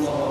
주옵소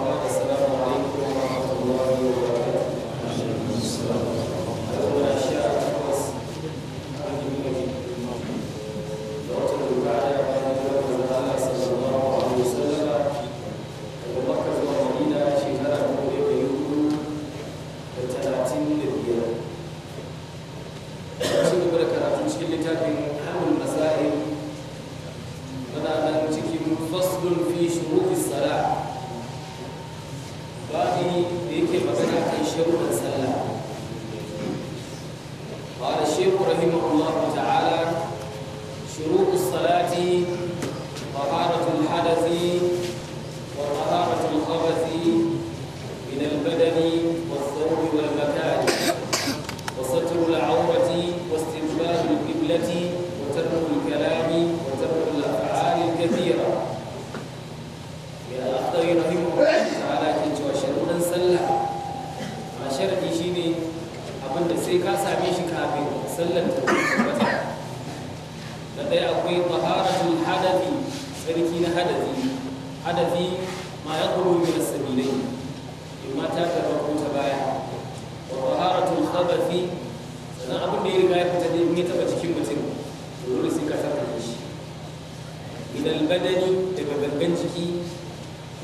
البدني تبقى البنجكي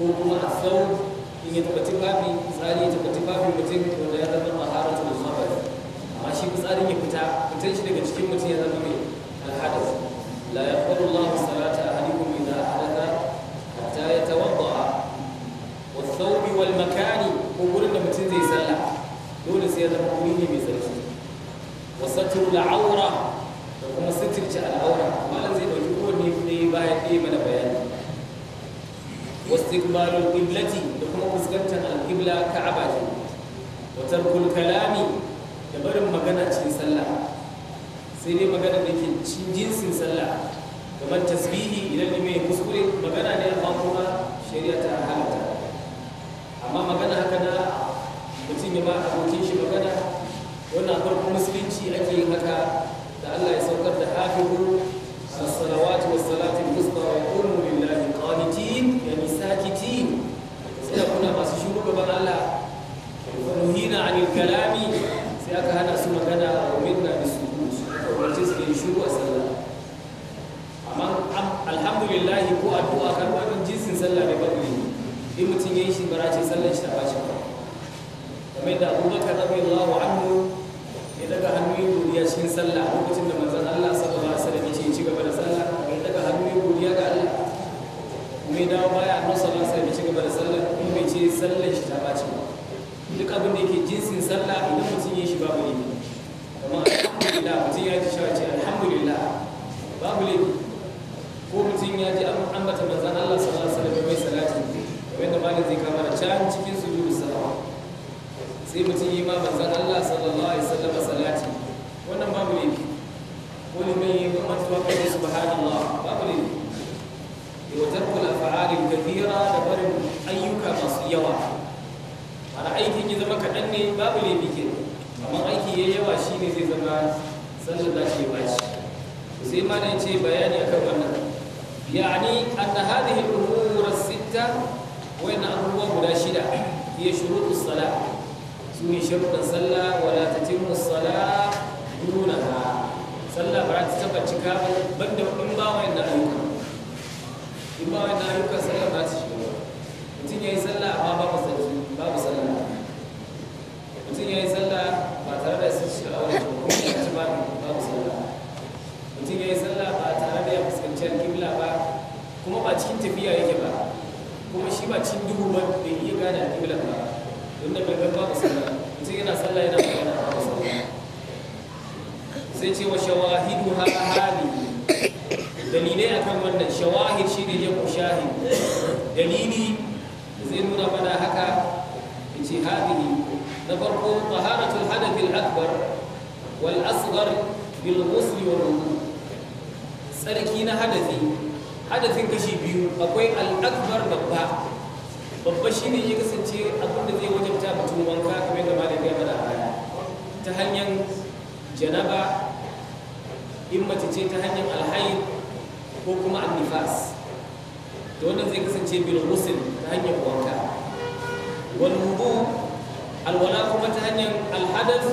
هو كما الثوب إنه تبقى تبقى في إسرائيل تبقى تبقى في متن كون ديارة الطهارة والخبر عشي بسالي يكتا كتنش لك تشكي متن يزن بي الحدث لا يقبل الله الصلاة أهلكم إذا أحدث حتى يتوضع والثوب والمكان هو كل ما تنزي سالة دون سيادة مؤمنين بسرسل وستر العورة وما ستر جاء العورة ما لنزي ɗaya bayan ɗaya mana bayani واستقبال القبلة لكم مسكنة القبلة كعبة kulkalami الكلام barin magana cikin sallah sai dai magana da ke cikin jinsin sallah kamar tasbihi idan ne mai kuskure magana ne amma kuma shari'a ta halatta amma magana haka na mutum ya ba abokin shi magana wannan farko musulunci ake yin haka da Allah ya saukar da hafizu الصلوات والصلاة الوسطى وقوموا لله قانتين يعني ساكتين سيكون ما سشوك بان الله ونهينا عن الكلام سيكون هنا سمكنا ومنا بالسجود ko addu'a kan jinsin sallah ne babu ne da Abu Bakar radiyallahu anhu ya daga hannu cikin da ya dawo baya annabi sallallahu alaihi wasallam ci gaba da sallar kuma bai ce sallar shi ta bace ba duk abin da yake jinsin sallah idan mutum ya shi babu laifi amma alhamdulillah mutum ya ji shawarci alhamdulillah babu laifi ko mutum ya ji an ambata manzan Allah sallallahu alaihi wasallam mai salati wanda malam zai kama da can cikin sujudu salawa sai mutum yi ma Allah sallallahu alaihi sai ce wa shawahidu ha hali dalilai akan wannan shawahid shi ne jamu shahid dalili zai nuna mana haka ya ce hadini na farko taharatul hadathil akbar wal asghar bil ghusl wal wudu tsarki na hadathi hadathin kashi biyu akwai al akbar babba babba shine ya kasance abin da zai wajabta mutum wanka kamar da malai ya mana ta hanyar janaba in mace ce ta hanyar alhayi ko kuma annifas da wannan zai kasance bil musul ta hanyar wanka wal wudu alwala kuma ta hanyar alhadath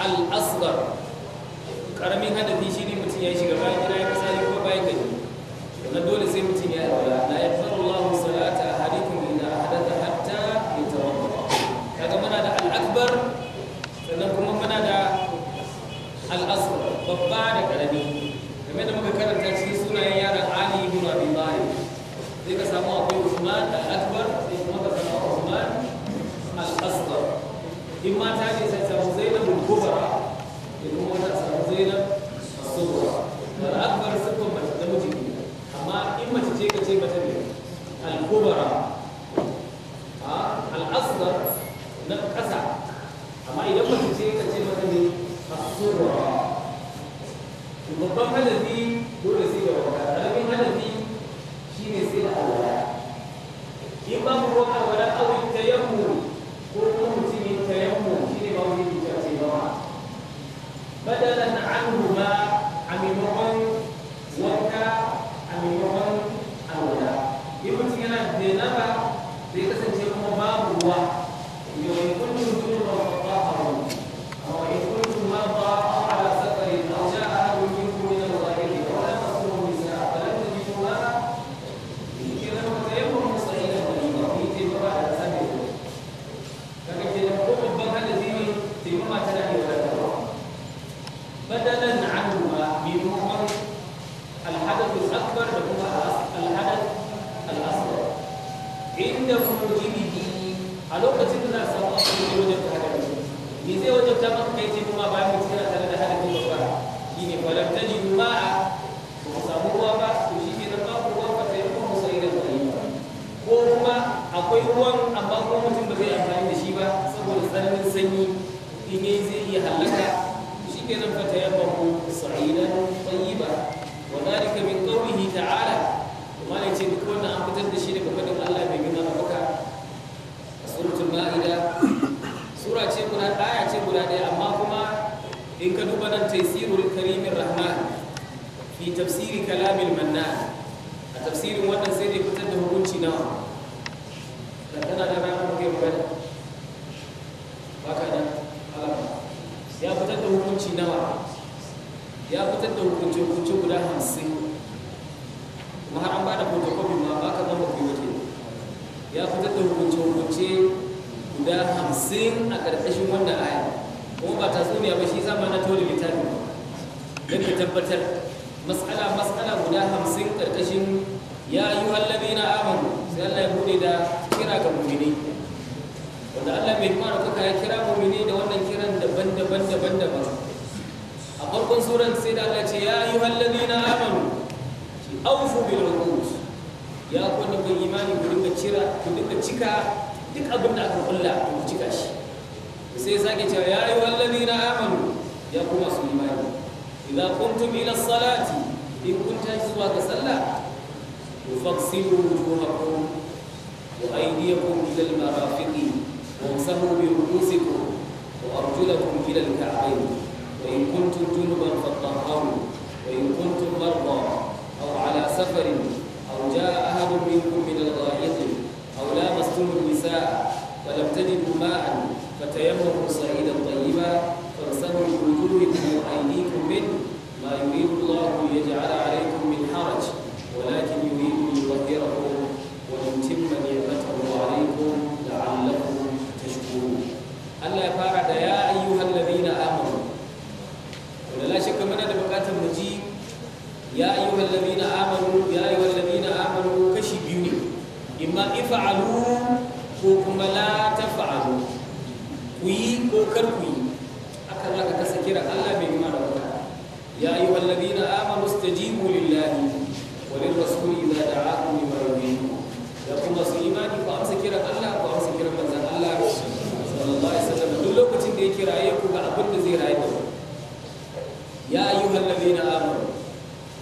al asghar karamin hadathi shine mutum ya shiga bayan gida ya kasali ko bayan gari wannan dole sai mutum ya alwala la yafaru Allahu salata in mata ne sai samu zainabul kubra in kuma ta samu zainab subra wal akbar sifan mace da miji amma in mace ce ka ce mata ne al kubra al asghar na kasa amma idan mace ce ka ce mata ne as-subra babban hadafi na a tafsirin wannan sai dai fitar da hukunci nawa da tana da ranar kai magana baka nan alama ya fitar da hukunci nawa ya fitar da hukunce-hukunce guda hamsin kuma har an ba da photocopy ma ba ka zama kai waje ya fitar da hukunce-hukunce guda hamsin a ƙarƙashin wannan aya kuma ba ta tsuniya ba shi zama na tole littafin don ka tabbatar matsala matsala guda hamsin karkashin ya yi wallabi na amanu sai Allah ya bude da kira ga mummini wanda Allah mai kuma ɗaukaka ya kira mummini da wannan kiran daban-daban daban-daban a farkon suran sai da Allah ce ya yi wallabi na amanu ki aufu bil uqud ya ku wanda kun imani ku dinga cira ku dinga cika duk abin da aka kulla ku cika shi sai ya sake cewa ya yi wallabi na amanu ya kuma su imani إذا قمتم إلى الصلاة إن كنت أجزوا كسلا فاغسلوا وجوهكم وأيديكم إلى المرافق وامسحوا برؤوسكم وأرجلكم إلى الكعبين وإن كنتم جنبا فاطهروا وإن كنتم مرضى أو على سفر أو جاء أحد منكم من الغائط أو لامستم النساء فلم تجدوا ماء فتيمموا صعيدا طيبا فاغسلوا وجوهكم وايديكم منه ما يريد الله ليجعل عليكم من حرج ولكن يريد ليطهركم ويتم نعمته عليكم لعلكم تشكرون الله يفعل يا ايها الذين امنوا ولا شك من هذا بقاته مجيب يا ايها الذين امنوا يا ايها الذين امنوا كشي اما افعلوا ko kuma la ta fa'alu akan haka kasa kiran Allah mai imana wata ya yi wallazina amanu stajibu lillahi wa lil rasuli idza da'akum lima yuhyikum da kuma su ku amsa kiran Allah ku amsa kiran manzon Allah lokacin da ya kiraye ku ga abin zai rayu ya ayyuhal ladina amanu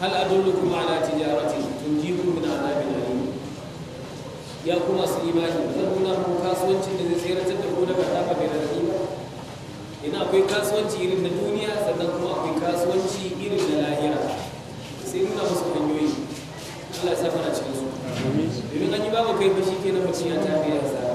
hal adullukum ala tijaratin ya kuma kasuwancin da zai da ina akwai kasuwanci irin na duniya sannan kuma akwai kasuwanci irin na lahira sai nuna musu hanyoyi Allah ya sa mana cikin su domin an yi babu kai fashi na mace ya tafi sa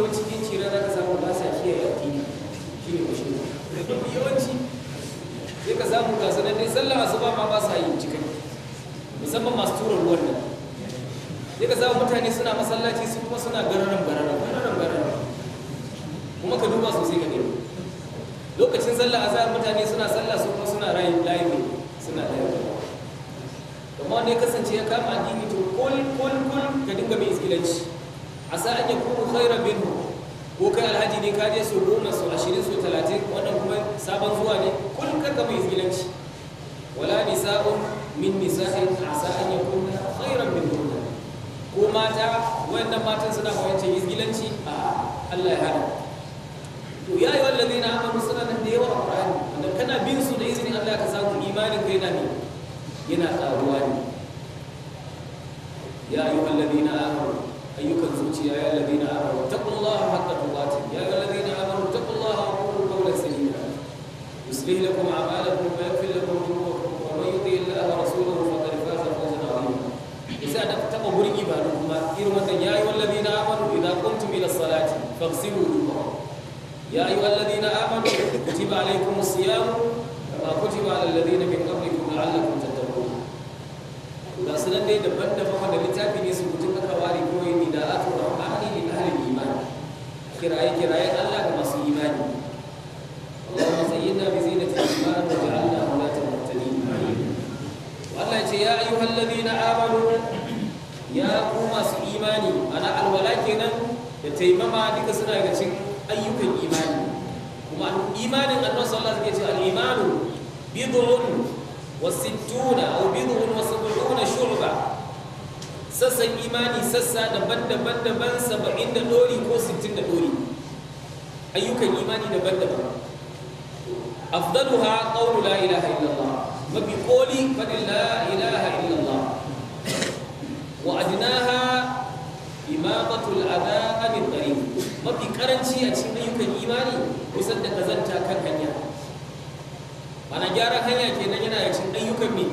yawanci yin cira za ka samu ba sa kiyaye addini shi ne mashi da duk yawanci sai ka samu ga sanar dai sallar asuba ma ba sa yin cikin musamman masu tura ruwan nan sai ka samu mutane suna masallaci su kuma suna gararan gararan gararan gararan kuma ka duba sosai ka gani lokacin sallar azhar mutane suna sallah su kuma suna rayin layi suna layi kuma wanda ya kasance ya kama addini to kul kul kul ka dinga mai iskilanci asa an yakunu khairan minhu ko kai alhaji ne ka je su goma su ashirin su talatin wannan kuma sabon zuwa ne kullum karka mai filanci wala nisa'un min nisa'in asa an yakunu khairan minhu ko mata wayannan matan suna fahimta izgilanci a Allah ya hana to ya yi wallazi na amanu suna nan da yawa a Qur'ani wanda kana bin su da izinin Allah ka samu imanin kai na ne yana karuwa ne ya ayyuhallazina amanu أيك الفتي يا الذين آمنوا اتقوا الله حق تقاته يا الذين آمنوا اتقوا الله وقولوا قولا سديدا يصلح لكم أعمالكم ويغفر لكم ذنوبكم ومن يطع الله ورسوله فقد فاز فوزا عظيما إذا اتقوا بري إيمانكم إنما يا أيها الذين آمنوا إذا قمتم إلى الصلاة فاغسلوا وجوهكم يا أيها الذين آمنوا كتب عليكم الصيام كما كتب على الذين من قبلكم لعلكم تتقون. Ga su nan dai daban-daban wanda littafi ne kirayen Allah ga masu imani Allahumma zayyinna bi iman Allah ce ya ayyuhal ladina amanu ya ku masu imani ana alwala kenan da taimama duka suna daga cikin ayyukan imani kuma imanin annabi sallallahu alaihi wasallam ya ce al-imanu bid'un wa sittuna aw bid'un wa sab'una shu'ba sassan imani sassa daban-daban daban da ko da ayyukan imani daban-daban afdaluha qawlu la ilaha illallah mafi koli fadin la ilaha illallah wa adnaha imamatul adha min tariq mafi karanci a cikin ayyukan imani kusan da kazanta kan hanya mana gyara hanya kenan yana da cikin ayyukan me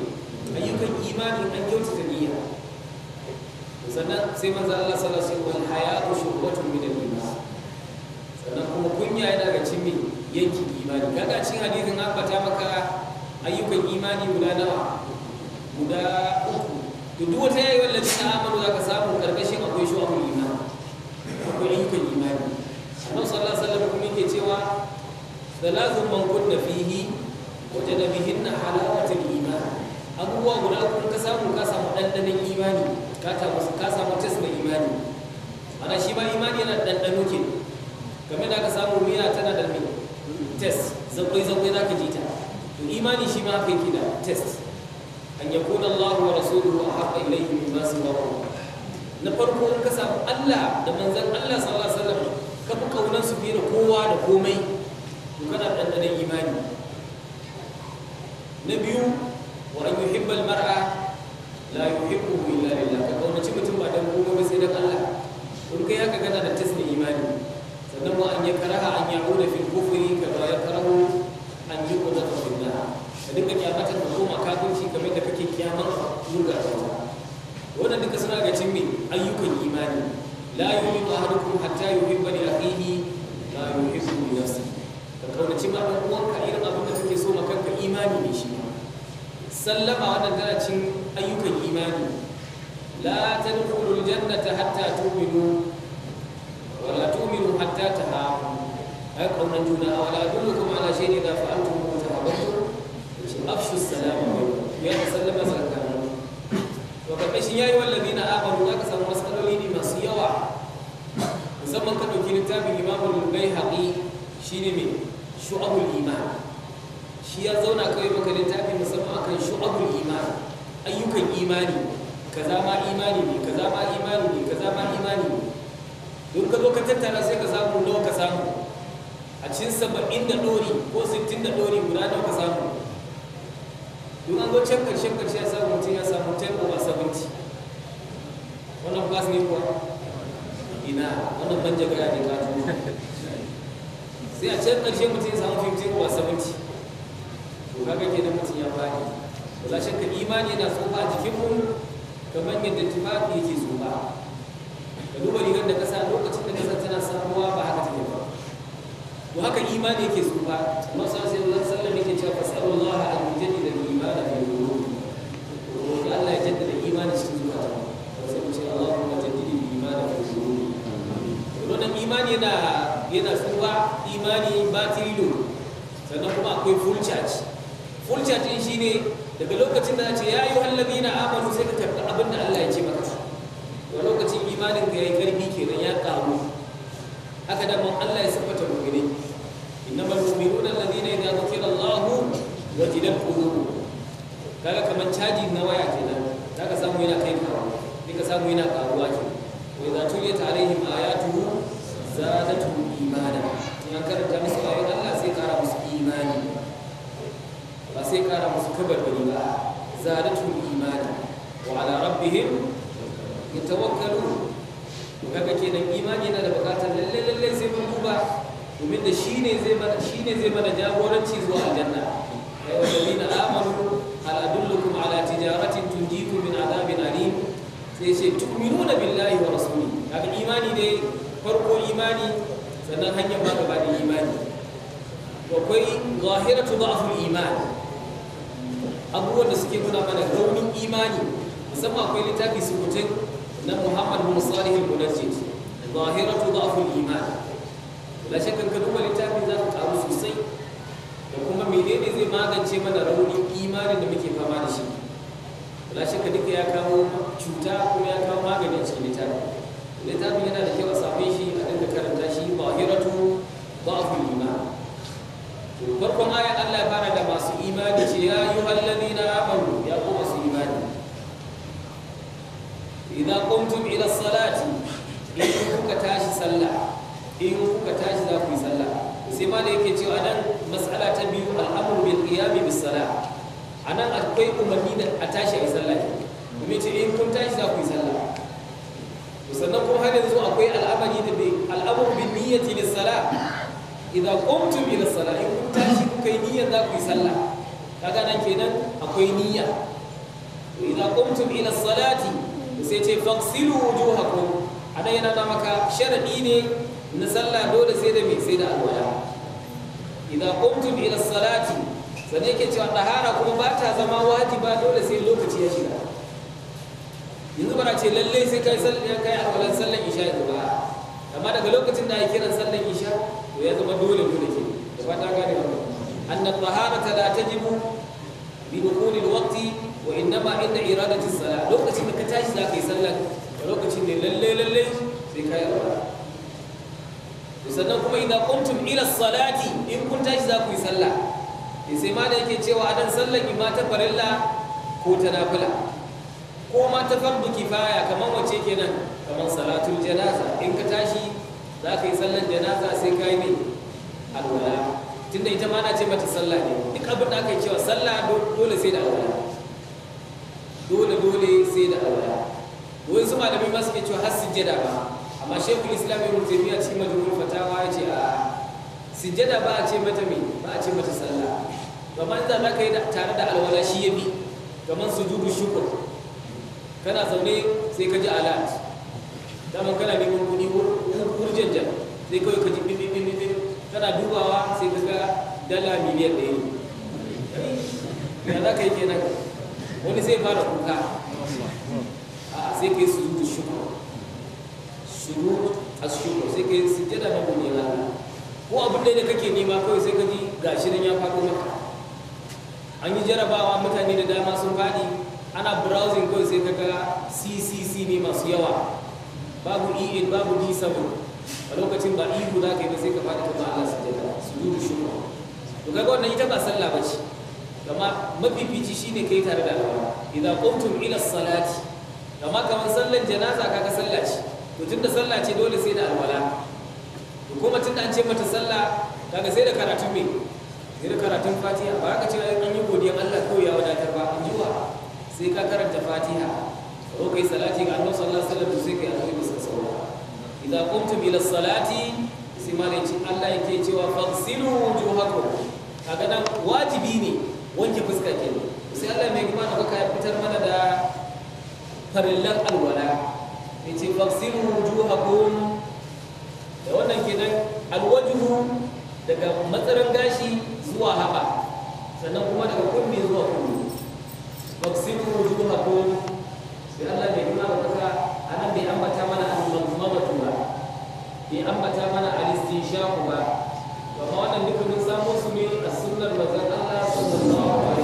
ayyukan imani an ta niyya sannan sai manzo Allah sallallahu alaihi wasallam hayatu shubbatun min al-iman sannan kuma ya yi daga cikin mai yankin imani kaga cin hadisin an bata maka ayyukan imani guda nawa guda uku to duk wata yayi wannan da amanu zaka samu karkashin akwai shi akwai imani akwai ayyukan imani Allah sallallahu alaihi wasallam kuma yake cewa salatu man kunna fihi wata da bihin na halawatul iman abubuwa guda kun ka samu ka samu dandanan imani ka ka samu test na imani ana shi ba imani yana dandano ke game da ka samu zakwai zakwai za ka ji ta to imani shi ma haka yake da test an ya kuna Allah wa rasuluhu a haɓa ilaihi min masu na farko in ka samu Allah da manzan Allah sallallahu alaihi wasallam ka fi kaunar su fiye da kowa da komai to kana ɗanɗanon imani na biyu wa an yuhibbal mar'a ne mai shu'abul iman shi ya zauna kawai maka littafi musamman kan shu'abul iman ayyukan imani kaza ma imani ne kaza ma imani ne kaza ma imani ne don ka zo ka tattara sai ka samu nawa ka samu a cikin saba'in da ɗori ko sittin da ɗori guda nawa ka samu don an zo can karshen ƙarshe ya samu mutum ya samu ten over seventy wannan class ne kuwa ina wannan ban jagara ne ka sai a can ƙarshe mutum ya samu 15 ko 70 to kaga da mutum ya bani wala shakka imani yana tsofa a jikin kamar yadda tufafi yake tsofa da duba rigar da kasa lokacin da kasa tana samuwa ba haka take ba to haka imani yake tsofa amma sai sai Allah sallallahu alaihi wasallam yake cewa Allah an yujaddida a iman fi qulubi to Allah ya jaddada imani cikin zuciya sai mu ce Allahumma to imani yana yana imani batiri lodo sannan kuma akwai full charge full charge din shine daga lokacin da ce ya yi wallabi na amanu sai ka tafi abin da Allah ya ce maka to lokacin imanin ka yayi karfi kenan ya karu haka da mun Allah ya siffata mu'mini innamal mu'minuna alladhina idza dhukira Allah wajidat qulubuhum kaga kaman caji na waya kenan zaka samu yana kai karuwa ne ka samu yana karuwa kenan wa idza tuliyat alaihim ayat كبر ولله زادتهم إيمانا imani yana da bukatar lalle lalle sai mun domin da zai zai mana jagoranci zuwa aljanna ayu allazina amanu hal adullukum ala tijaratin min alim sai ce billahi wa kaga imani ne farko imani sannan hanyar ma gaba da imani akwai zahiratu da'ful iman abubuwan da suke nuna mana raunin imani musamman akwai littafi sukutun na muhammad bin salih al-munajjid zahiratu da'fu al imani, la shakka kan duba littafin za ka karu sosai da kuma menene zai magance mana raunin imanin da muke fama da shi la shakka duka ya kawo cuta kuma ya kawo maganin a cikin littafi yana da kyau a same shi a dinka karanta shi zahiratu da'fu al farkon ayan Allah fara da masu imani ce ya yi hallabi na amaru ya ko masu imani idan kuntum ila salati in kuka tashi sallah in kuka tashi za ku yi sallah sai ma da yake cewa nan mas'ala ta biyu al'amru bil qiyami bis salah anan akwai umarni da a tashi a yi sallah kuma ce in kun tashi za ku yi sallah sannan kuma har yanzu akwai al'amari da bai al'amru bil niyyati lis salah idan kuntum ila salah tashi kuka yi niyyar za ku yi sallah kaga nan kenan akwai niyya idza qumtum ila salati sai ce faghsilu wujuhakum anan yana da maka sharadi ne na sallah dole sai da me sai da alwala idza qumtum ila salati sannan yake cewa tahara kuma ba ta zama wajiba dole sai lokaci ya shiga yanzu bara ce lalle sai kai sallah kai alwalan sallah isha ba amma daga lokacin da ake kiran sallah isha to ya zama dole dole fata gane wannan anna taharata la tajibu bi dukhuli alwaqti wa innama inda iradati salat lokacin da ka tashi za ka yi sallah lokacin ne lalle lalle sai ka yi sannan kuma idan kuntum ila salati in kun tashi za ku yi sallah sai ma da yake cewa dan sallar ma ta farilla ko ta nafila ko ma ta fardu wace kenan kamar janaza in ka tashi za ka yi sallar janaza sai ka yi alwala tunda ita ma na ce mata sallah ne duk abin da aka yi cewa sallah dole sai da alwala dole dole sai da alwala wani su malamai ma suke cewa har sujjada ba amma shekul islam ibn taymiya cikin majmu'ul fatawa ya ce a sujjada ba a ce mata me ba a ce mata sallah kamar da za ka yi tare da alwala shi ya bi kamar sujudu shukr kana zaune sai ka ji alat dama kana neman kuɗi ko kurjan jan sai kawai ka ji bibi tana dubawa sai ka ga dala miliyan ɗaya ne ya za ka yi kenan wani sai fara kuka a sai ka yi su zuwa shukuru shuru a shukuru sai ka yi su jada na gumi na ko abin da kake nema kawai sai ka ji shi nan ya faɗo maka an yi jarabawa mutane da dama sun faɗi ana browsing kawai sai ka ga ccc ne masu yawa babu e8 babu d7 a lokacin ba ihu za ka yi ba sai ka faɗi ta ba su duru shi ba to kai wannan ita ba sallah ba ce amma mafifici shine kai tare da Allah idan kuntum ila salati amma kamar sallan janaza kaga sallah ce to tunda sallah ce dole sai da alwala to kuma tunda an ce mata sallah kaga sai da karatun me sai da karatun fatiha ba ka ce an yi godiyar Allah ko ya wadatar ba an jiwa sai ka karanta fatiha ko kai salati ga Annabi sallallahu alaihi wasallam sai kai alwala idza qumtum ila salati sai malai ce Allah yake cewa fasilu wujuhakum kaga nan wajibi ne wanke fuska ke sai Allah mai kuma ka ya fitar mana da farillan alwala yace fasilu wujuhakum da wannan kenan alwajuhu daga matsarin gashi zuwa haba sannan kuma daga kunne zuwa kunne fasilu wujuhakum sai Allah mai kuma da anan bai ambata mana al-mazmamatu ba bai ambata mana al-istinshaku ba amma wannan duka mun samo su ne a sunnar manzon Allah sallallahu alaihi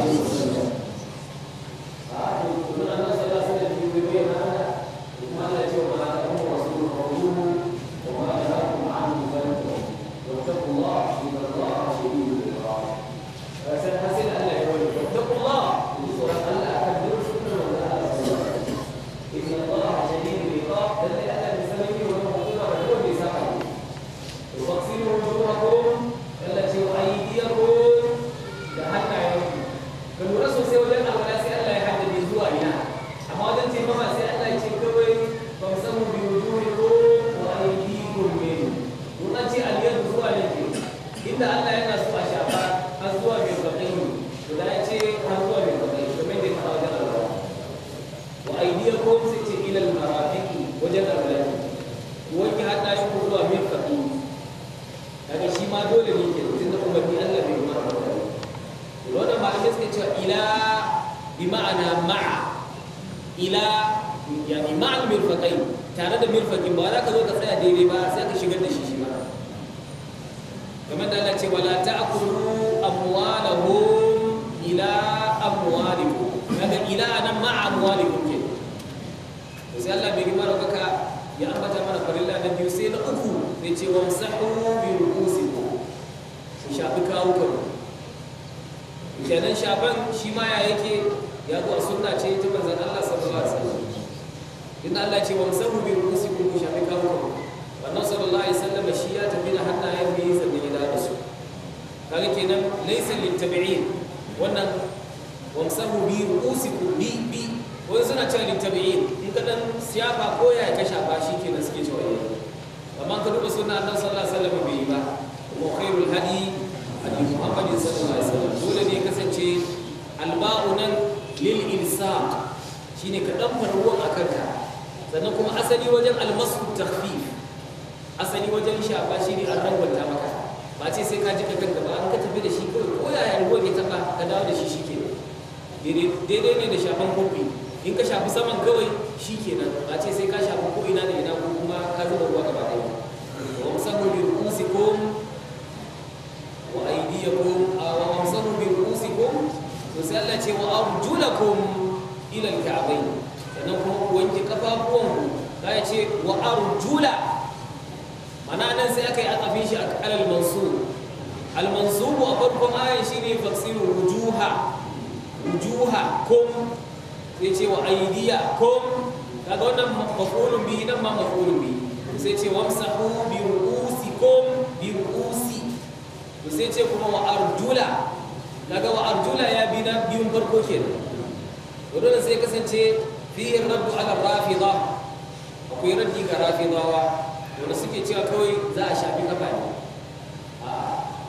kamar da Allah ce wala ta'kulu amwalahum ila amwalikum kaga ila nan ma amwalikum ke to sai Allah bai gima kaka ya ambata mana farilla na biyu sai na uku ne ce wamsahu bi rukusikum ku shafi kawukan kenan shafan shi ma ya yake ya zuwa a sunna ce ta manzon Allah sallallahu alaihi wasallam inna Allah ce wamsahu bi rukusikum ku shafi kawukan wannan sallallahu alaihi wasallam shi ya tafi da hannayen biyu sannan ya da su kaga kenan laysa lil tabi'in wannan wamsahu bi ru'usikum bi bi wani suna cewa lil tabi'in in ka dan siyafa ko ya ka shafa shikenan suke cewa yayi eh. amma ka duba sunna annabi sallallahu alaihi wasallam bai yi ba kuma khairul hadi hadi muhammadin sallallahu alaihi wasallam dole ne kasance alba'u nan lil insaq shine ka dan faruwan akan ka sannan kuma asali wajen almasu takhfif asali wajen shafa shi ne an rangwanta maka ba ce sai ka ji ka ganga ba an ka tafi da shi kawai ko yaya yi ya ta ka dawo da shi shi ke daidai ne da shafan kofi in ka shafi saman kawai shi kenan ba ce sai ka shafi ko ina da ina ko kuma ka zuba ruwa gaba ɗaya wa ko bi ko wa ko wa amsahu bi ko to sai Allah ce wa arjulakum ila al-ka'bayn sannan kuma wanke kafafuwan ku ya ce wa arjula ana nan sai aka yi akafin shi alal mansub al mansub a farkon ayan shine faksiru rujuha, rujuha, kum sai ce wa aydiya kum kaga wannan maf'ulun bihi nan ma maf'ulun bihi sai ce wamsahu bi ru'usikum bi ru'usi sai ce kuma wa arjula kaga wa arjula ya bi na biyun farko kenan dole sai kasance fihi raddu ala rafida akwai raddi ga rafidawa wanda suke cewa kawai za a shafi kafa ne a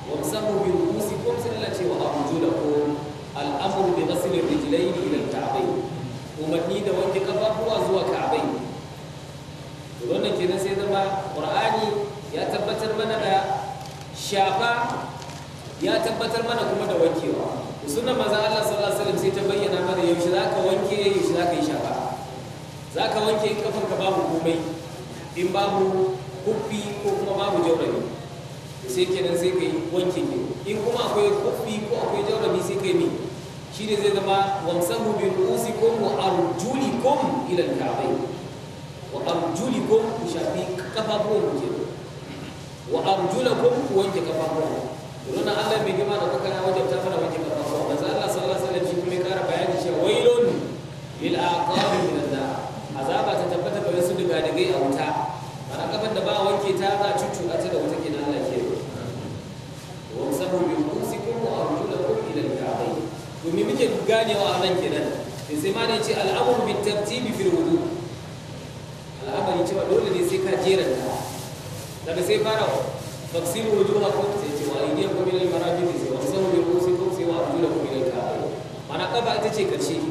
wamsahu bi rukusikum sai Allah ce wa arjulakum da bi ghasl ar-rijlayn da al-ka'bayn umarni da wanke kafafuwa zuwa ka'bayn wannan kenan sai zama qur'ani ya tabbatar mana da shafa ya tabbatar mana kuma da wankewa suna maza Allah sallallahu alaihi wasallam sai ta bayyana mana yaushe zaka wanke yaushe zaka yi shafa zaka wanke kafanka babu komai in babu huffi ko kuma babu jaurabi to sai kenan sai kai wanke ne. in kuma akwai huffi ko akwai jaurabi sai kai mi ne zai zama wamsahu bi ru'usikum wa arjulikum ila al-ka'bayn wa arjulikum ku shafi kafafuwan ke wa arjulakum ku wanke kafafuwan don Allah mai gima da kuka wajen ta fara wanke kafafuwan manzo Allah sallallahu alaihi wasallam shi kuma ya kara bayani cewa wailun lil aqab min an-nar azaba ta tabbata ba wasu daga daga a wuta kafar da ba wanke ta za a cuccuɗa ta da wata kenan Allah ke wa sabu bi a wa da kuma idan ka bai. Domin muke ganewa a nan kenan eh, sai sai ma ne ce al'amru bi tartibi fil wudu al'amari cewa dole ne sai ka ta. daga sai fara tafsir kuma sai ce wa aydiyakum ila al-marafiq sai wa sabu kuma musikum sai wa kuma idan ka bai. mana kafa ita ce ka ba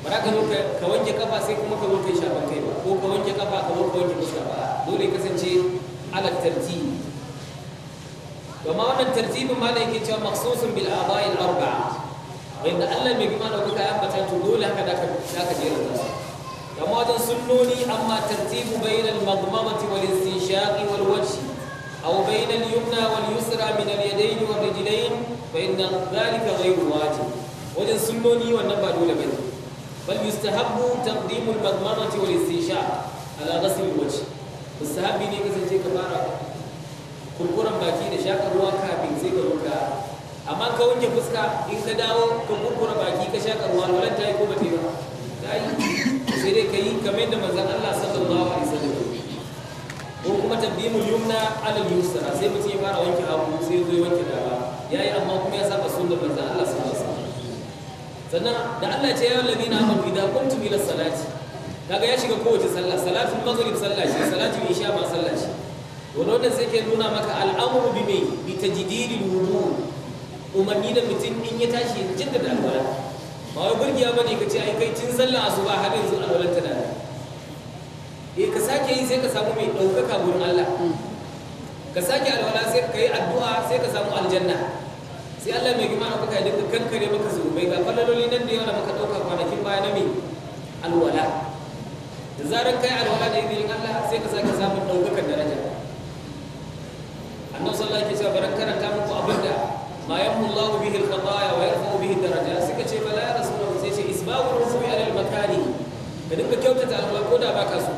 Mana ka ka wanke kafa sai kuma ka zo kai shafan kai ba ko ka wanke kafa ka wanke wanke fuska ba dole kasance ala tartibi domin wannan tartibin malai yake cewa maksusun bil a'dha'i al arba'a wanda Allah mai gima da kuka ambata to dole haka da ka da su kamar wajen sunnoni amma tartibu bainal madmamati wal istinshaqi wal wajhi aw bainal yumna wal yusra min al yadayn wal rijlayn fa inna dhalika ghayru wajib wajen sunnoni wannan ba dole bane bal yustahabbu taqdimul madmarati wal istinshaq ala ghasl alwajh mustahabbi ne kasance ka fara kurkuran baki da shakar kafin sai ka ruka amma ka wanke fuska in ka dawo ka kurkura baki ka shakar ruwa ta yi ko ba ta yi ba sai dai ka yi kamar yadda manzon Allah sallallahu alaihi wasallam ko kuma taqdimul yumna ala yusra sai mutum ya fara wanke hagu sai ya wanke dama yayi amma kuma ya saba sunnar manzon Allah sallallahu sannan da Allah ce yawan ladina amanu idan kuntum ila salati kaga ya shiga kowace sallah salatul maghrib sallah ce salatul isha ma sallah ce wani wannan sai ke nuna maka al'amuru bi mai bi tajdidil wudu umarni da mutum in ya tashi ya jinda da alwala ba wai burgiya ne ka ce ai kai cin sallah asuba har yanzu alwalar ta da eh ka sake yi sai ka samu mai ɗaukaka gurin Allah mm. ka sake alwala sai ka yi addu'a sai ka samu aljanna sai Allah mai gima abuka ya dinka kankare maka zunubai ga falaloli nan da yau da muka dauka kwanakin baya na me alwala da zarar kai alwala da izinin Allah sai ka sake samun daukakar daraja annabi sallallahu alaihi wasallam baran karanta muku abinda ma yamullahu bihi al-khataya wa yarfa'u bihi daraja suka ce bala ya rasulullah sai ce isbaghu rufi ala al-makari ka dinka kyautata alwala ko da ka so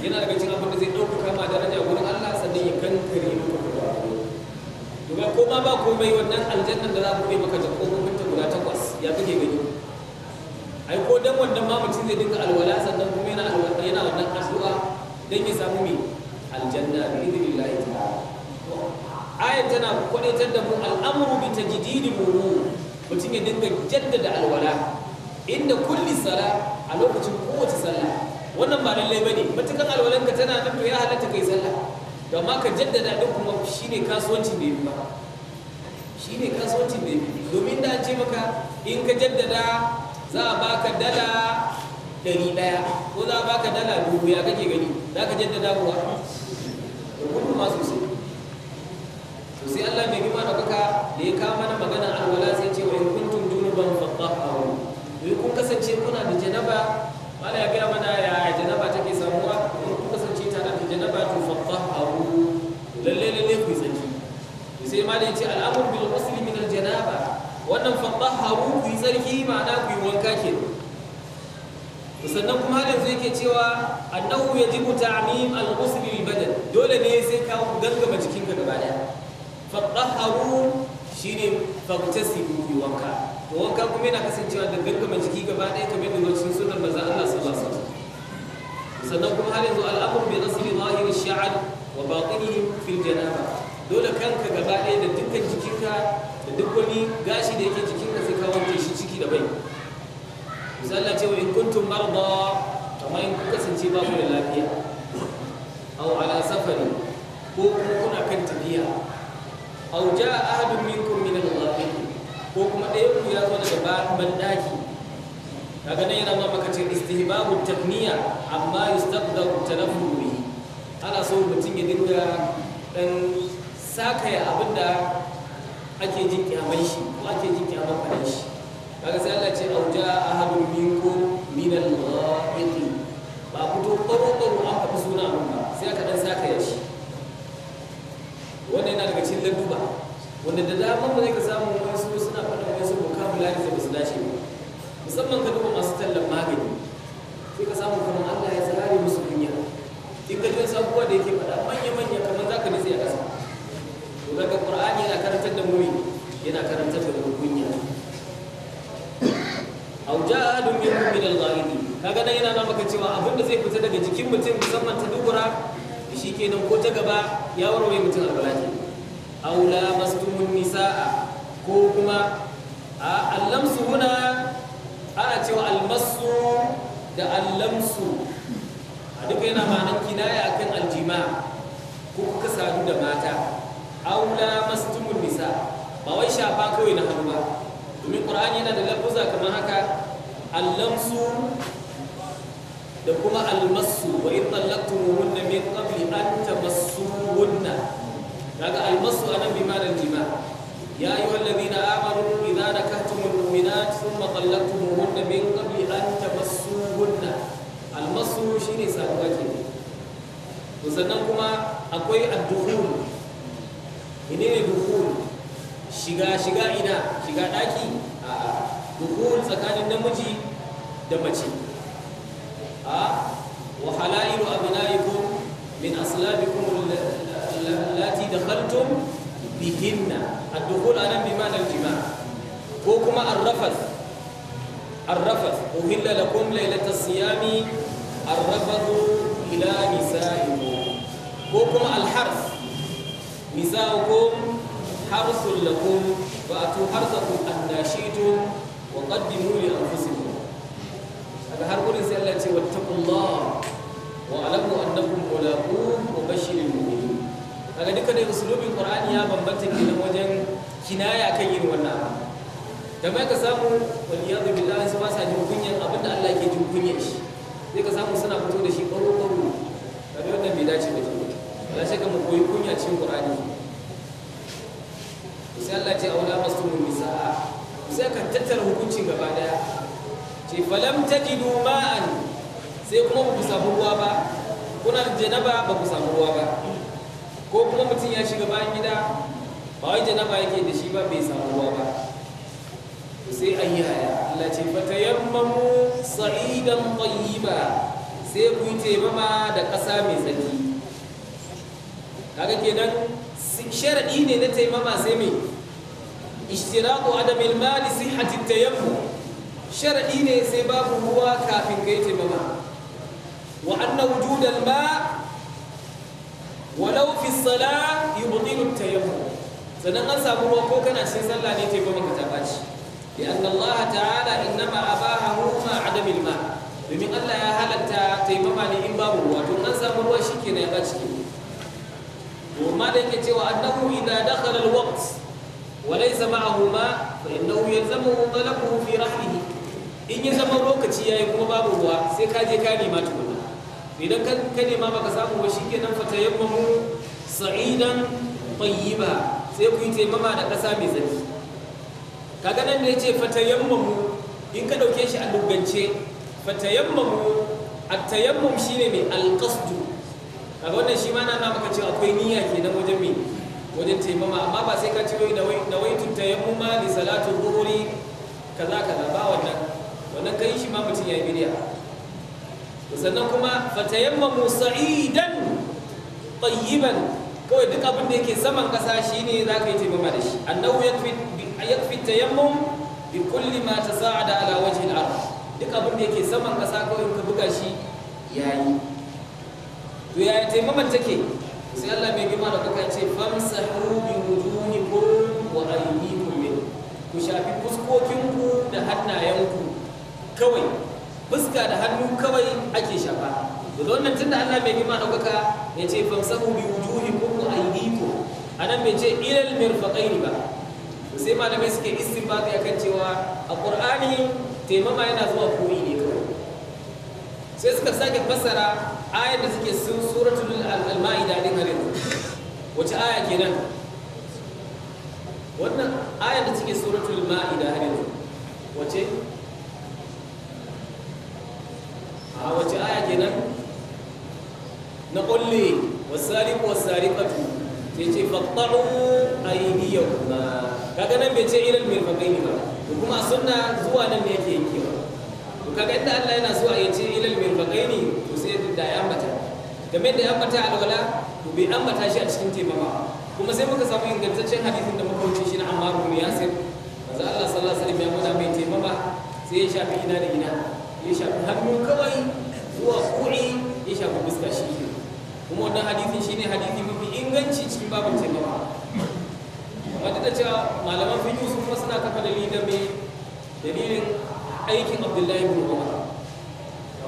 yana daga cikin abin da zai dauka kama daraja gurin Allah sannan ya kankare maka domin ko ma ba komai wannan aljannan da za ku maka jakobin ta guda takwas ya kake gani ai ko dan wannan ma mutum zai dinga alwala sannan kuma yana alwala yana wannan addu'a dan ya samu mai aljanna bi idnillahi ta'ala ayat tana kwadaitar da mu al'amru bi tajdidi mu mutum ya dinga jaddada alwala inda kulli sala a lokacin kowace sallah wannan ba lallai bane matakan alwalanka tana nan to ya halatta kai sallah gama ka jaddada duk kuma shine kasuwanci da yafi ba shine kasuwanci da yafi domin da ce maka in ka jaddada za a baka dala ɗari ɗaya ko za a baka dala dubu ya kake gani za ka jaddada kuwa kudu ma sosai sosai Allah mai girma da kuka da ya kama na magana alwala sai ce wa in kuntum junuban fattahu in kun kasance kuna da janaba wala ya gaya mana ya janaba take mala yace al'amru bil ghusl min al janaba wannan fa tahharu ku sarki ma'ana ku wanka ke sannan kuma har zai ke cewa annahu yajibu ta'mim al ghusl lil badan dole ne sai ka gangama jikinka gaba daya fa tahharu shine fa tasibu ku wanka to wanka kuma yana kasancewa da gangama jiki gaba daya kamar da cikin sunan manzon Allah sallallahu alaihi wasallam sannan kuma har yanzu al'amru bi ghusl zahir ash-sha'r wa batinihi fil janaba dole kanka gaba ɗaya da dukkan jikinka da duk wani gashi da yake jikinka sai ka wanke shi ciki da bai misalla ce in kuntum marda kamar in kasance ba ku da lafiya aw ala safari ko kuma kuna kan tafiya aw jaa ahadun minkum min al-ghaibi ko kuma ɗaya ku ya zo daga bandaki kaga nan yana maka ce istihbabu takniya amma yustaqdaru tanaffuhi ana so mutum ya dinga dan sakaya abin da ake jin kyamai shi ko ake jin kyamar faɗin shi kaga sai Allah ce auja ahadun minkum min al-ghaibi ba ku to ko ko an ka suna abin ba sai aka ɗan sakaya shi wannan yana daga cikin ladduba wanda da damar zai ka samu wasu suna faɗin wasu vocabulary da ba su dace ba musamman ka duba masu tallan magani sai ka samu kuma Allah ya tsare musu kunya in ka ji wani sabuwa da yake faɗa cewa abin da zai fita daga jikin mutum musamman ta dubura shi kenan ko ta gaba ya warware mutum albalaki aula mastumun nisa'a ko kuma allamsu huna ana cewa almasu da allamsu a duk yana ma'anar kinaya akan aljima ko kuka sadu da mata aula mastumun nisa ba wai shafa kawai na hannu ba domin ƙur'ani yana da lafuza kamar haka allamsu da kuma almasu wa in tallaqtumuhunna min qabli an tamassuhunna daga almasu anan bi dan jima ya ayu alladhina amaru idza nakahtumul almu'minat thumma tallaqtumuhunna min qabli an tamassuhunna almasu shine saduwa ke to sannan kuma akwai ad-dukhul ne dukhul shiga shiga ina shiga daki a dukhul tsakanin namiji da mace آه، وحلائل أبنائكم من أصلابكم التي دخلتم بهن الدخول أنا بمعنى الجماع وكما الرفث الرفث أهل لكم ليلة الصيام الرفث إلى نسائكم وكما الحرث نساؤكم حرث لكم فأتوا حرثكم أن شئتم وقدموا لأنفسكم da har gurin sai Allah ce wattaqullah wa alamu annakum mulaqu wa bashiril mu'minin kaga duka dai usulubin qur'ani ya bambanta kenan wajen kinaya kan yin wannan da mai ka samu waliyadu billahi su ba sa jin kunyan abinda Allah ke jin kunyan shi sai ka samu suna fito da shi ƙwaro ƙwaro kaga wannan bai dace da shi ba sai ka mu koyi kunya cikin qur'ani sai Allah ce aula mastumul nisaa sai ka tattara hukuncin gaba daya ce falam a ma'an sai kuma ba ku samu ruwa ba kuna da janaba ba ku samu ruwa ba ko kuma mutum ya shiga bayan gida ba wai janaba yake da shi ba bai samu ruwa ba sai an yi haya Allah ce fatayammamu sa'idan ba sai ku yi taimama da ƙasa mai tsaki kaga kenan sharaɗi ne na taimama sai mai ishtiraku adamin mali sihhati tayammum sharaɗi ne sai babu ruwa kafin ka yi taimama wa anna wujudal ba. walau fi sala yubtilu tayammum sannan an samu ruwa ko kana cin sallah ne taimama ka taɓa shi li anna Allah ta'ala a abahahu ma adamil ma domin Allah ya halatta taimama ne in babu ruwa to an samu ruwa shikenan ya ba ciki وما ذلك cewa annahu idza dakhala alwaqt wa laysa ma'ahu ma fa innahu yalzamuhu talabuhu fi rahlihi in ya zama lokaci ya yi kuma babu ruwa sai ka je ka nema tukuna idan ka nema ka samu ba fata yamma mu sa'idan ba sai ku yi taimama da ƙasa mai ganin kaga nan ce fata yamma mu in ka dauke shi a dubbance fa a at shi ne mai al a kaga wannan shi ma na maka ce akwai niyya kenan wajen mai wajen taimama amma ba sai ka ciro da wai da wai tutayammuma li salatu dhuhri kaza kaza ba wannan wannan kai shi ma mutum ya yi bidiya sannan kuma fatayammamu sa'idan tayyiban kawai duk abin da yake saman kasa ne za ka yi taimama da shi annahu yakfi tayammum bi kulli ma tasa'ada ala wajhi al-ard duk abin da yake saman kasa kawai ka buga shi yayi to yaya taimaman take sai Allah mai gima da kuka ce famsahu bi wujuhikum wa aydikum min ku shafi fuskokin ku da hannayen ku kawai fuska da hannu kawai ake shafa da wannan tunda Allah mai girma daukaka ya ce famsahu bi wujuhikum wa aydikum anan bai ce ilal mirfaqaini ba sai malamai suke istinbata akan cewa a qur'ani taimama yana zuwa koyi ne kawai sai suka sake fassara ayat da suke sun suratul al-ma'ida din halin wace aya kenan wannan ayat da suke suratul ma'ida halin wace a wace aya kenan na kulli wasariqu wasariqatu sai ce faqta'u aydiyahuma kaga nan bai ce ilal mirfaqaini ba to kuma sunna zuwa nan ne yake ba. to kaga inda Allah yana zuwa ya ce ilal mirfaqaini to sai da ya ambata game da ya ambata alwala to bai ambata shi a cikin taimama kuma sai muka samu ingantaccen hadisin da muka wuce shi na Ammar bin Yasir manzo Allah sallallahu alaihi wasallam ya nuna mai taimama sai ya shafi ina da ina ya shafi hannu kawai zuwa kuri ya shafi fuska shi ne kuma wannan shi shine hadithi mafi inganci cikin babin taimaka ba. duk ta cewa malaman fi yi sun suna kafa dalili da mai dalilin aikin abdullahi bin umar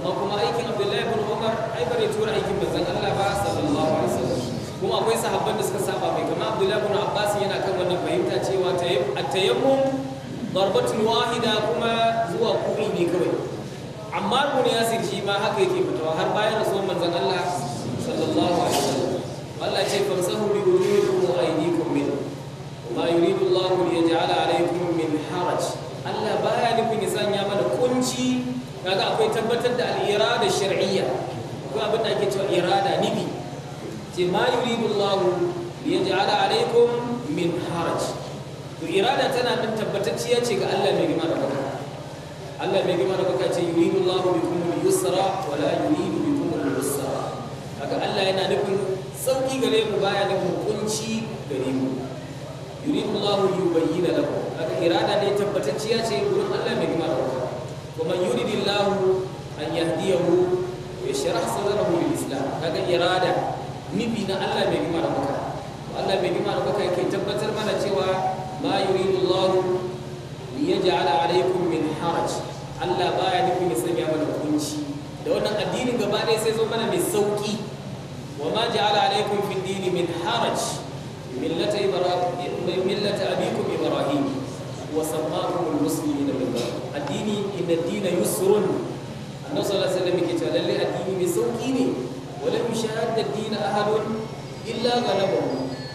amma kuma aikin abdullahi bin umar ai bare tura aikin zan Allah ba sallallahu alaihi wasallam kuma akwai sahabban da suka saba mai kamar abdullahi bin abbas yana kan wannan fahimta cewa tayammum darbatun wahida kuma zuwa kuri ne kawai amma ibn yasir shi ma haka yake fitowa har bayan rasuwan manzon Allah sallallahu alaihi wasallam Allah ce fa famsahu bi wujuhikum wa aydikum min ma yuridu Allah li yaj'ala alaykum min haraj Allah baya nufin ya sanya mana kunci kaga akwai tabbatar da al-irada shar'iyya ko abin da ake cewa irada nibi ce ma yuridu Allah li yaj'ala alaykum min haraj to irada tana nan tabbatacciya ce ga Allah mai girma da Allah mai gima da kuka ce yuridu Allahu bikum al-yusra wala la yuridu bikum al-usra haka Allah yana nufin sauki gare mu baya nufin kunci gare mu yuridu Allahu yubayyana lakum haka irada ne tabbatacciya ce gurin Allah mai gima da kuka kuma yuridillahu an yahdiyahu yashrah sadrahu lil-islam haka irada nufi na Allah mai gima da kuka Allah mai gima da kuka yake tabbatar mana cewa ma yuridu Allahu liyaj'ala alaykum min haraj Allah baya nufi ya sanya mana hukunci da wannan addinin gaba ɗaya sai zo mana mai sauƙi wa ma ja'ala alaikum fid dini min haraj millata ibrahim millata abikum ibrahim wa sammakum min addini inna dina yusrun annabi sallallahu alaihi wasallam yake cewa lalle addini mai sauƙi ne wala dina ahadun illa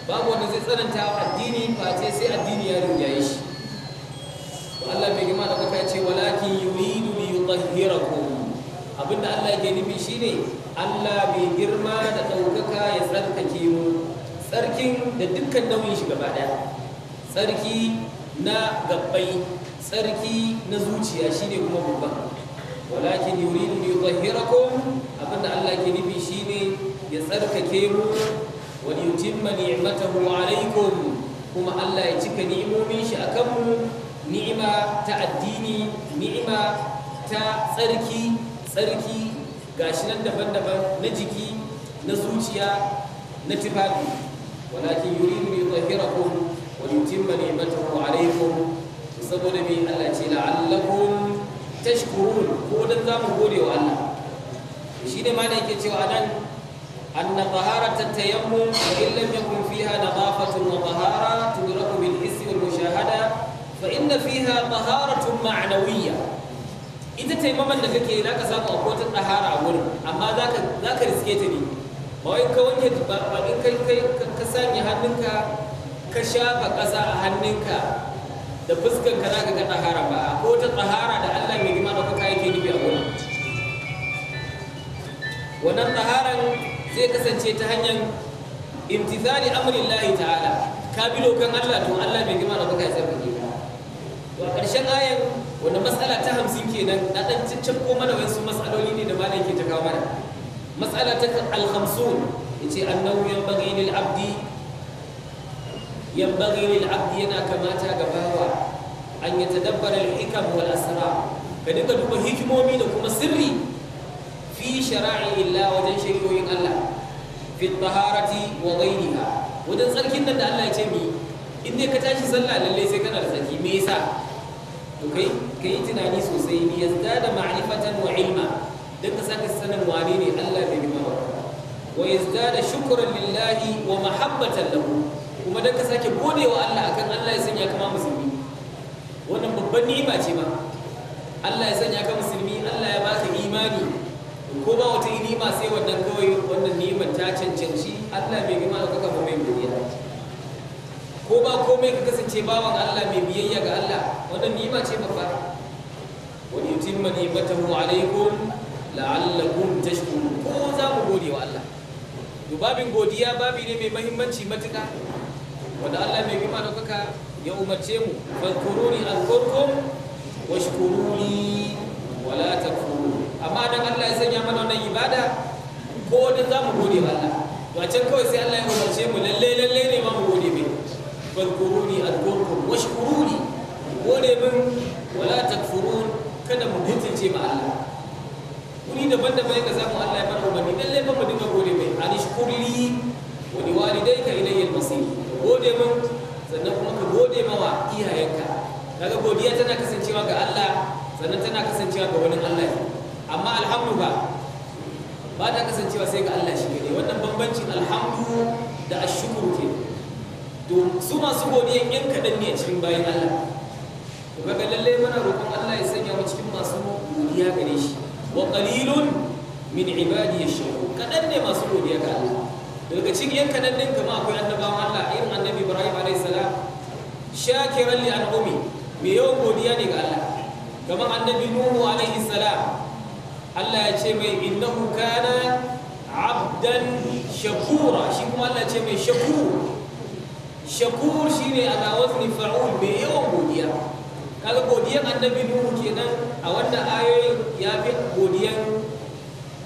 babu wanda zai tsananta addini face sai addini ya rinjaye shi Allah bai gima da kuka ce walakin Abin abinda Allah ke nufi shine Allah bai girma da ɗaukaka ya tsarkake mu tsarkin da dukkan nauyin shi gaba ɗaya tsarki na gabbai tsarki na zuciya shine kuma babban walakin yuridu li abin da Allah ke nufi shine ya tsarkake mu wa yutimma ni'matahu alaykum kuma Allah ya cika ni'imomin shi akan mu ni'ima ta addini ni'ima ta tsarki tsarki gashi nan daban-daban na jiki na zuciya na tufafi walakin yuridu bi zahirakum wa yutimma ni'matahu alaykum saboda me Allah ce la'allakum tashkurun ko dan zamu gode wa Allah shi ne malai yake cewa anan anna taharata tayammum wa in lam yakun fiha nadafatu wa tahara tudraku bil hissi wal mushahada fa inna fiha taharatun ma'anawiyya ita taimakon da kake za ka samu akwai wata tsahara a wurin amma za ka riske ta ne ba wai ka wanke ba in kai kai ka sanya hannunka ka shafa ƙasa a hannunka da ka za ka ga tsahara ba a wata tsahara da Allah mai gima da kuka yake nufi a wurin wannan tsaharan zai kasance ta hanyar imtithali amrillahi ta'ala ka bi dokan Allah to Allah mai gima da kuka yi tsarkake ka to a ƙarshen ayan Wani matsala ta hamsin kenan na ɗan cancako mana wasu matsaloli ne da malam ke ta kawo mana matsala ta alhamsun ya ce annahu yanbaghi lil abdi yana kamata ga bawa an yatadabbara al hikam wal ka dinga duba hikimomi da kuma sirri fi shara'i illa wajen shari'o'in Allah fi taharati wa ghayriha wajen tsarkin nan da Allah ya ce mi in dai ka tashi sallah lalle sai kana da tsaki me yasa to kai yi tunani sosai ni da ma'rifatan wa ilma don ka saka sanin wane ne Allah bai bi mawa, wa ya yazdada shukran lillahi wa mahabbatan lahu kuma don ka sake wa Allah akan Allah ya sanya kama musulmi wannan babban nima ce ba Allah ya sanya ka musulmi Allah ya baka imani ko ba wata ni'ima sai wannan kawai wannan ni'imar ta cancanci Allah bai gima da kaka ba mai ko ba komai ka kasance bawan Allah mai biyayya ga Allah wannan nima ce babba wa yutimma ni'matahu alaykum la'allakum tashkurun ko za mu gode wa Allah to babin godiya babi ne mai mahimmanci matuka wanda Allah mai bima da ya umarce mu fadkuruni azkurkum washkuruni wala takfurun amma dan Allah ya sanya mana wannan ibada ko dan za mu gode wa Allah to a can kawai sai Allah ya umarce mu lalle lalle ne ma mu gode mai fadkuruni adkurkum washkuruni gode min wala takfurun kada mu mutunce ma Allah wuri daban-daban yadda samu Allah ya bar umarni lallai ba mu dinga gode mai anishkurli wa liwalidayka ilayya al-masir gode min sannan kuma ka gode mawa iyayenka kaga godiya tana kasancewa ga Allah sannan tana kasancewa ga wani Allah amma alhamdu ba ta kasancewa sai ga Allah shi ne wannan bambancin alhamdu da ashkuru kenan su masu godiyan yan kaɗan ne a cikin bayan Allah to kaga lalle muna roƙon Allah ya sanya mu cikin masu godiya gare shi wa qalilun min ibadi yashkur kaɗan ne masu godiya ga Allah daga cikin yan kaɗan din kuma akwai annabawan Allah irin annabi Ibrahim alayhi salam shakiran li an'umi me yau godiya ne ga Allah kamar annabi Nuhu alayhi salam Allah ya ce mai innahu kana abdan shakura shi kuma Allah ya ce mai shakuru shakur shine ala wazni fa'ul mai yawan godiya kaga godiyan annabi nuhu kenan a wannan ayoyin ya fi godiyan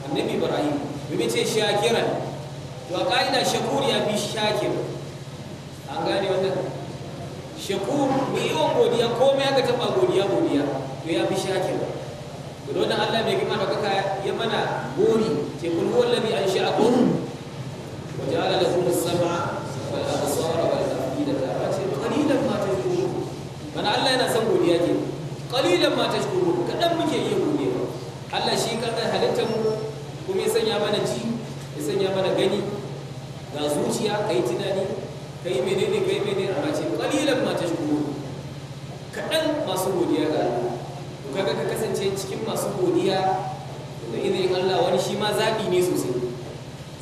annabi ibrahim bibi ce shakiran to a shakur ya fi shakir an gane wannan shakur mai yawan godiya komai aka taba godiya godiya to ya fi shakir to don Allah mai gima da kaka ya mana gori ce kun huwa an ansha'akum wa ja'ala lakum as-sam'a wal absara wal mana Allah yana son godiya ke qalilan ma kuma kadan muke iya godiya Allah shi kadai halittar mu kuma ya sanya mana ji ya sanya mana gani ga zuciya kai tunani kai menene kai menene amma ce qalilan ma kuma kadan masu godiya ga Allah to kaga ka kasance cikin masu godiya da izinin Allah wani shi ma zabi ne sosai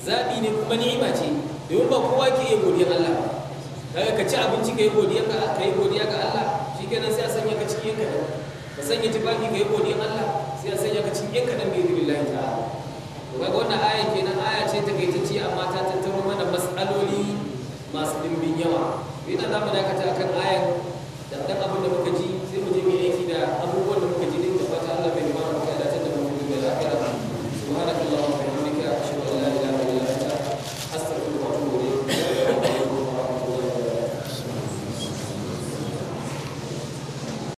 zabi ne kuma ni'ima ce domin ba kowa ke iya godiyar Allah ba daga ka ci abinci ka yi godiya ga Allah shi kenan sai a sanya ka cikin yanka nan ka sanya tufafi ka yi godin Allah sai a sanya ka cikin yanka nan bi billahi ta'ala to kaga wannan aya kenan aya ce ta gaitacce amma ta tattaro mana mas'aloli masu dimbin yawa yana zamu dakata akan ayar da dan abin da muka ji sai mu je mu yi